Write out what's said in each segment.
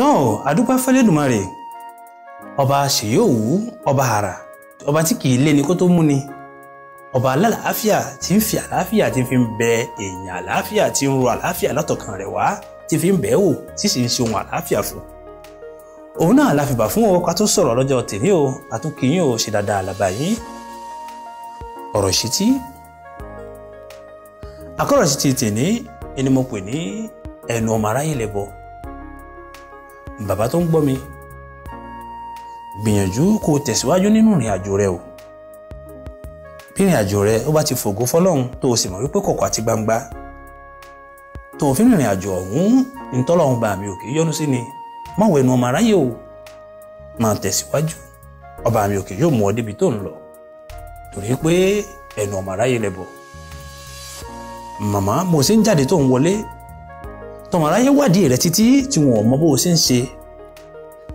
tán ọ àdúpẹ́ fẹ́lẹ́dùmarè ọba ṣèyóòwú ọba àrà ọba tí kìí lé ni kó tó mú ni ọba alálàáfíà tí ń fi àlàáfíà tí fi ń bẹ èèyàn àlàáfíà tí ń ro àlàáfíà látọkàn rẹ̀ wá tí fi ń bẹ̀ wò tí sì ń ṣe ohun àlàáfíà fún òun náà la fìbà fún o ká tó sọ̀rọ̀ lọ́jọ́ tèmi o àtúnkìyìn o ṣe dáadáa làbà yín ọ̀rọ̀ ìṣítí akọ́rọ̀ ìṣítí tèmi ẹni mo pè ní ẹnu ọmọ aráyé lẹ́bọ̀ọ́ bàbá tó ń gbọ́ mi gbìyànjú kó o tẹ̀síwájú nínú ìrìn àjò rẹ o bí ìrìn àjò rẹ ó bá ti fògo fọlọ́run tó o sì mọ̀ wípé kọ̀kọ̀ àti gbangba tó o fi rìnrìn àjò ọ̀hún ntọ́lọ́run bá mi ò kì í yọ́nú sí ni má wo ẹnu ọmọ aráyé o máa tẹ̀síwájú ọba mi ò kì yóò mú ọ débi tó ń lọ torí pé ẹnu ọmọ aráyé lẹ bọ̀ màmá mo sì ń jáde tó ń wọlé tọmọ aráyé wádìí rẹ títí tí wọn ò mọ bó o ṣe ń ṣe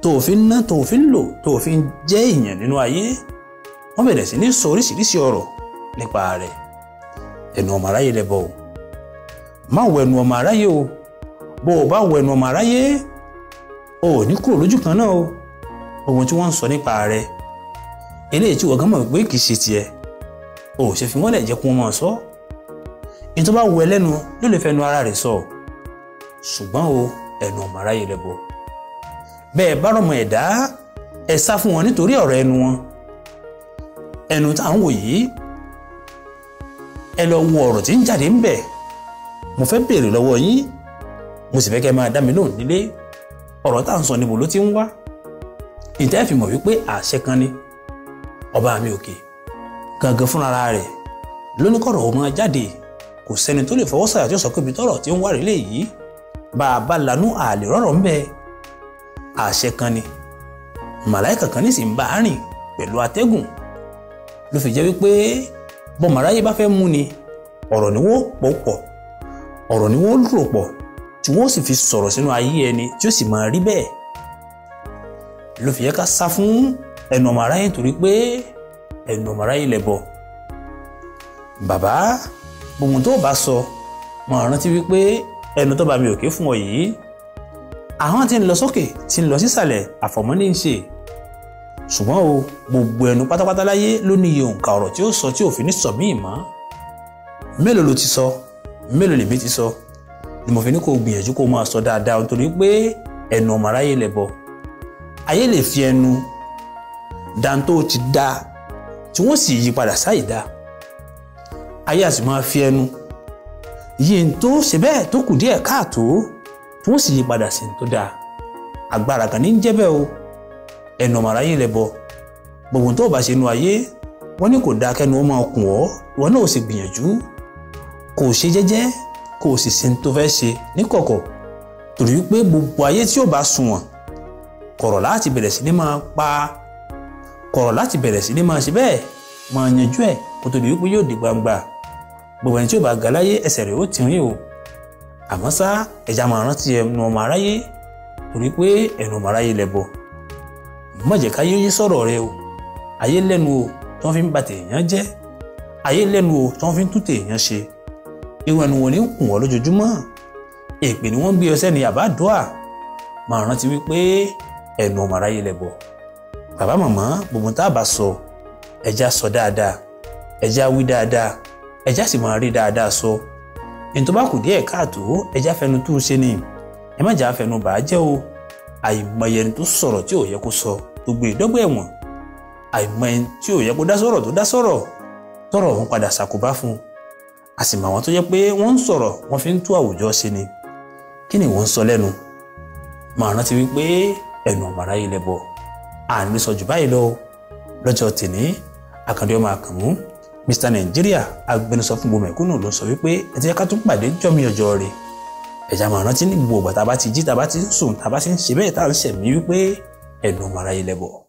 tó o fi ń ná tó o fi ń lò tó o fi ń jẹ́ èèyàn nínú ayé wọ́n bẹ̀rẹ̀ sí ní sọ oríṣiríṣi ọ̀rọ̀ nípa rẹ̀ ẹnu ọmọ aráyé lẹ bọ o má wọ ẹnu ọmọ aráyé o bó o bá wọ ẹnu ọmọ aráyé o ò ní kúrò lójú kan náà o ohun tí wọ́n ń sọ nípa rẹ̀ eléyìí tí wọ́n gán mọ̀ pé kì í ṣe tiẹ̀ o ò ṣe fi wọ́n lẹ̀ jẹ́ kí wọ́n máa sọ èyí bá wọ ẹ lẹ́nu ló lè fẹnu ara rẹ̀ sọ ọ́ ṣùgbọ́n o ẹnu ọmọ aráyé rẹ bọ̀ bẹ́ẹ̀ bá rọmọ ẹ̀dá ẹ sá fún wọn nítorí ọ̀rọ̀ ẹnu wọn ẹnu tá à ń wò yìí ẹ lọ wo ọ̀rọ̀ tí ń jáde ń bẹ̀ mo fẹ́ béèrè lọ́wọ́ yín mo sì fẹ́ kẹ́ máa dá mi lóhùn nílé ọ̀rọ̀ tá à ń sọ níbo ló ti ń wá ìtẹ́ fi mọ̀ wípé àṣẹ kan ni ọba mi òkè gangan fúnra rẹ̀ lóníkọ̀rọ̀ òun máa jáde kò sẹ́ni tó lè fọwọ́ sàyà tí ó sọ pé ibi tọ́rọ̀ tí ń wá rèé léyìí bá a bá lanú àlè rọ̀rọ̀ ń bẹ àṣẹ kan ni màláìkà kan nísìnyí ń bá a rìn pẹ̀lú atẹ́gùn ló fi jẹ́ wípé bọ́mọ aráyé bá fẹ́ mú ni ọ̀rọ̀ ni wọ́n pọ̀ pọ̀ ọ̀rọ̀ ni wọ́n rò pọ̀ tí wọ́n sì fi sọ̀rọ̀ sínú ayé ẹni tí ó sì máa rí bẹ́ẹ̀ ló fi yẹ ká sá fún ẹnu ọmọ torí pé ẹnu ọmọ aráyé lẹ̀ bàbá gbogbo tó bá sọ máa rántí wípé ẹnu tó bá mi òkè fún ọ yìí ahọ́n ti ń lọ sókè ti ń lọ sísàlẹ̀ àfọ̀mọ́ ní í ṣe ṣùgbọ́n o gbogbo ẹnu pátápátá láyé ló ní iye òǹkà ọ̀rọ̀ tí ó sọ tí òfin ní sọ míì mọ́ mélòó ló ti sọ mélòó lèmi ti sọ ni mo fi ní kó o gbìyànjú kó o máa sọ dáadáa nítorí pé ẹnu ọmọ aráyé lẹ bọ ayé lè fi ẹnu dantó ti dá tí wọ́n sì yí padà sáì dá ayé àti máa fi ẹnu iye ń tó ṣe bẹ́ẹ̀ tó kù díẹ̀ káàtó tí wọ́n sì yí padà sí tó dáa agbára kan ní ń jẹ́ o ẹnu ọmọ aráyé lẹ bọ gbogbo tó o bá ṣe nu ayé wọ́n ní kò dáa kẹ́nu ó máa kùn ọ́ ìwọ náà ò sì gbìyànjú kò ṣe jẹ́jẹ́ kò sì sin tó fẹ́ ṣe níkọ̀kọ̀ torí pé gbogbo ayé tí ò bá sunwọ̀n kọ̀rọ̀ láti bẹ̀rẹ̀ sí ní máa pa kọ̀rọ̀ láti bẹ̀rẹ̀ sí ní máa ṣe bẹ́ẹ̀ máa yanjú ẹ̀ kó tó wípé yóò di gbangba gbogbo ẹni tí ò bá ga láyé ẹsẹ̀ rẹ̀ ó ti rìn o àmọ́ ṣá ẹja máa rántí ẹnu ọmọ aráyé torí pé ẹnu ọmọ aráyé lẹbọ má jẹ́ káyé yé sọ̀rọ̀ rẹ o ayé lẹ́nu o tí wọ́n fi ń ba tèèyàn jẹ́ ayé lẹ́nu o tí wọ́n fi ń tú tèèyàn ṣe irú ẹnu wọn ní ń kùn ọ́ lójoojúmọ́ èpè ni wọ́n ń gbé ọsẹ́ ní àbádọ́à máa rántí wípé ẹnu ọmọ aráyé lẹbọ bàbá màmá gbogbo tá a bá sọ ẹja sọ dáadáa ẹja wí dáadáa ẹja sì máa rí dáadáa sọ ẹni tó bá kù díẹ̀ káàtó ẹja fẹnu tú ṣe ni ẹ má jà fẹnu bàá jẹ́ o àìmọye ẹni tó sọ̀rọ̀ tí ò yẹ kó sọ tó gbé e dọ́gbọ́ ẹ̀wọ̀n àìmọye ẹni tí ò yẹ kó dá sọ̀rọ̀ tó dá sọ̀rọ̀ tọ̀rọ̀ òun padà ṣàkóbá fún un a sì mọ àwọn tó yẹ pé wọ́n ń sọ̀rọ̀ wọ́n fi ń tú àwùjọ ṣe ni kí ni wọ́n ń sọ lẹ́nu màá rántí wípé ẹnu ọ̀màrá yìí lẹ́bọ̀ à ń rí báyìí lọ lọ́jọ́ tèmi àkàndé ọmọ àkànmú Mr Nigeria agbẹnusọ fún gbogbo mẹ̀kúnnù ló sọ wípé ẹ ti yẹ ká tún pàdé jọmi ọjọ́ rẹ̀ ẹ̀já máa rántí ní gbogbo ìgbà tá a bá ti jí tá a bá ti sùn tá a bá ti ń ṣe bẹ́ẹ̀ tá a ń ṣẹ̀mí wípé ẹ̀dùn màrá ilẹ̀ bọ̀.